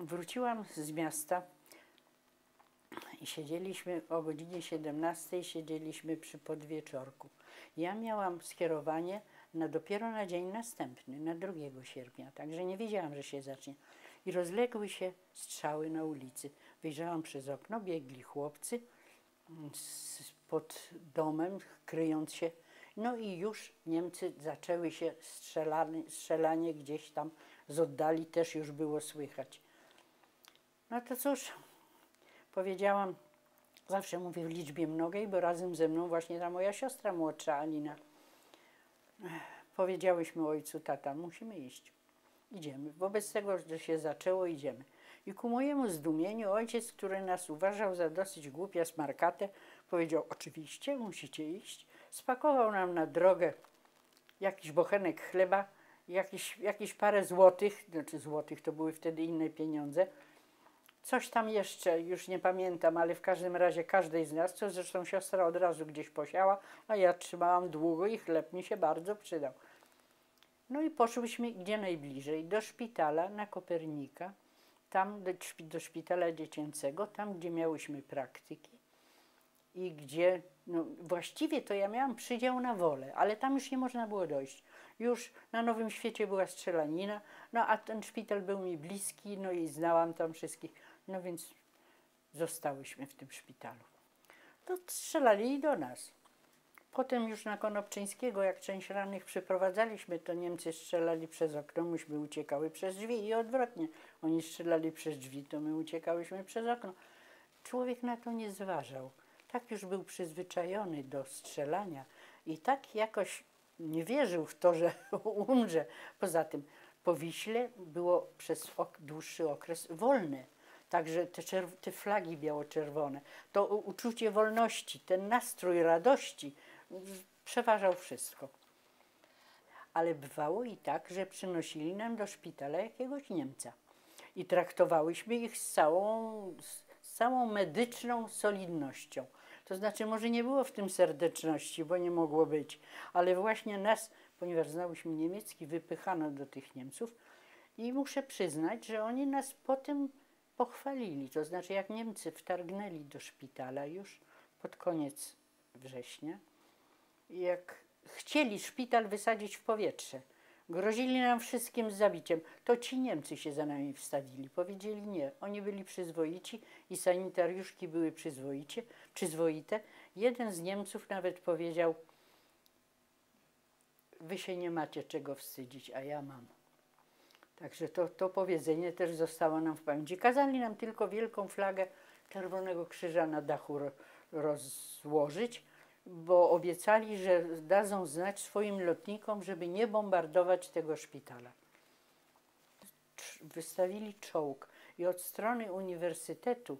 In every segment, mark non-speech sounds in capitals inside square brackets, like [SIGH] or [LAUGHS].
wróciłam z miasta i siedzieliśmy o godzinie 17, siedzieliśmy przy podwieczorku. Ja miałam skierowanie na dopiero na dzień następny, na 2 sierpnia, także nie wiedziałam, że się zacznie. I rozległy się strzały na ulicy. Wyjrzałam przez okno, biegli chłopcy pod domem, kryjąc się. No i już Niemcy zaczęły się strzelanie, strzelanie gdzieś tam z oddali, też już było słychać. No to cóż, powiedziałam, zawsze mówię w liczbie mnogiej, bo razem ze mną właśnie ta moja siostra młodsza, Alina. Powiedziałyśmy ojcu, tata, musimy iść. Idziemy. Wobec tego, że się zaczęło, idziemy. I ku mojemu zdumieniu ojciec, który nas uważał za dosyć głupia smarkatę, powiedział, oczywiście, musicie iść. Spakował nam na drogę jakiś bochenek chleba, jakieś, jakieś parę złotych, znaczy złotych to były wtedy inne pieniądze, Coś tam jeszcze, już nie pamiętam, ale w każdym razie każdej z nas, co zresztą siostra od razu gdzieś posiała, a ja trzymałam długo i chleb mi się bardzo przydał. No i poszłyśmy gdzie najbliżej, do szpitala na Kopernika, tam do, do szpitala dziecięcego, tam gdzie miałyśmy praktyki i gdzie, no właściwie to ja miałam przydział na wolę, ale tam już nie można było dojść. Już na Nowym Świecie była strzelanina, no a ten szpital był mi bliski, no i znałam tam wszystkich. No więc zostałyśmy w tym szpitalu. To no, strzelali i do nas. Potem już na Konopczyńskiego, jak część rannych przyprowadzaliśmy, to Niemcy strzelali przez okno, myśmy uciekały przez drzwi i odwrotnie. Oni strzelali przez drzwi, to my uciekałyśmy przez okno. Człowiek na to nie zważał. Tak już był przyzwyczajony do strzelania i tak jakoś nie wierzył w to, że [LAUGHS] umrze. Poza tym po Wiśle było przez ok dłuższy okres wolne. Także te, te flagi biało-czerwone, to uczucie wolności, ten nastrój radości przeważał wszystko. Ale bywało i tak, że przynosili nam do szpitala jakiegoś Niemca i traktowałyśmy ich z całą, z całą medyczną solidnością. To znaczy, może nie było w tym serdeczności, bo nie mogło być, ale właśnie nas, ponieważ znałyśmy niemiecki, wypychano do tych Niemców i muszę przyznać, że oni nas potem pochwalili. To znaczy, jak Niemcy wtargnęli do szpitala już pod koniec września, jak chcieli szpital wysadzić w powietrze – Grozili nam wszystkim zabiciem. To ci Niemcy się za nami wstawili. Powiedzieli nie. Oni byli przyzwoici i sanitariuszki były przyzwoicie, przyzwoite. Jeden z Niemców nawet powiedział, wy się nie macie czego wstydzić, a ja mam. Także to, to powiedzenie też zostało nam w pamięci. Kazali nam tylko wielką flagę Czerwonego Krzyża na dachu rozłożyć, bo obiecali, że dadzą znać swoim lotnikom, żeby nie bombardować tego szpitala. Wystawili czołg i od strony uniwersytetu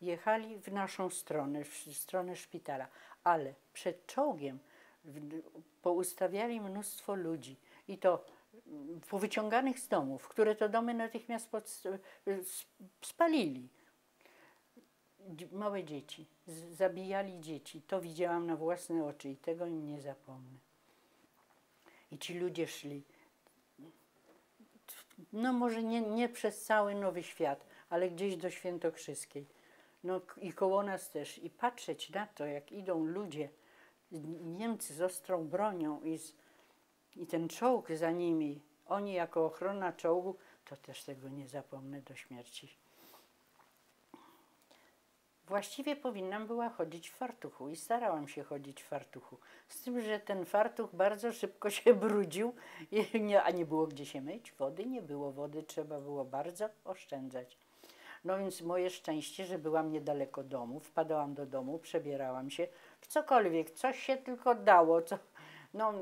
jechali w naszą stronę, w stronę szpitala, ale przed czołgiem poustawiali mnóstwo ludzi i to mm, powyciąganych z domów, które to domy natychmiast spalili małe dzieci, zabijali dzieci. To widziałam na własne oczy i tego im nie zapomnę. I ci ludzie szli, no może nie, nie przez cały Nowy Świat, ale gdzieś do Świętokrzyskiej. No i koło nas też. I patrzeć na to, jak idą ludzie, Niemcy z ostrą bronią i, z, i ten czołg za nimi, oni jako ochrona czołgu, to też tego nie zapomnę do śmierci. Właściwie powinnam była chodzić w fartuchu i starałam się chodzić w fartuchu. Z tym, że ten fartuch bardzo szybko się [LAUGHS] brudził, a nie było gdzie się myć. Wody nie było, wody trzeba było bardzo oszczędzać. No więc moje szczęście, że byłam niedaleko domu, wpadałam do domu, przebierałam się w cokolwiek, coś się tylko dało. Co, no,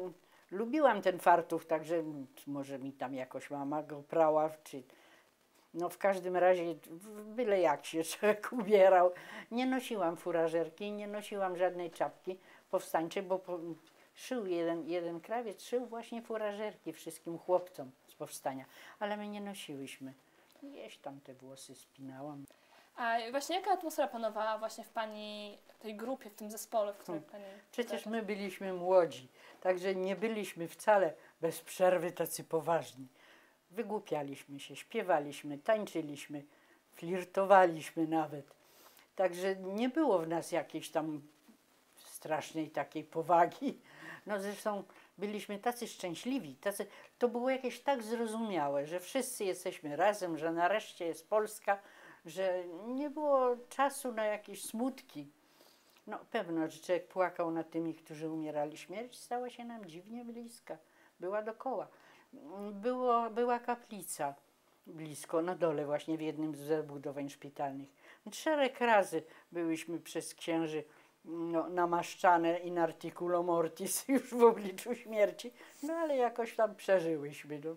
lubiłam ten fartuch, także może mi tam jakoś mama go prała, czy no w każdym razie, byle jak się [LAUGHS] człowiek ubierał. Nie nosiłam furażerki, nie nosiłam żadnej czapki powstańczej, bo po, szył jeden, jeden krawiec, szył właśnie furażerki wszystkim chłopcom z powstania, ale my nie nosiłyśmy. Jeść tam te włosy spinałam. A właśnie jaka atmosfera panowała właśnie w Pani w tej grupie, w tym zespole, w którym hmm. Pani... Przecież my byliśmy młodzi, także nie byliśmy wcale bez przerwy tacy poważni. Wygłupialiśmy się, śpiewaliśmy, tańczyliśmy, flirtowaliśmy nawet. Także nie było w nas jakiejś tam strasznej takiej powagi. No zresztą byliśmy tacy szczęśliwi, tacy, to było jakieś tak zrozumiałe, że wszyscy jesteśmy razem, że nareszcie jest Polska, że nie było czasu na jakieś smutki. No pewno, że człowiek płakał nad tymi, którzy umierali. Śmierć stała się nam dziwnie bliska, była dokoła było, była kaplica blisko, na dole właśnie w jednym z zabudowań szpitalnych. Szereg razy byłyśmy przez księży no, namaszczane in articulo mortis [LAUGHS] już w obliczu śmierci, no ale jakoś tam przeżyłyśmy. No.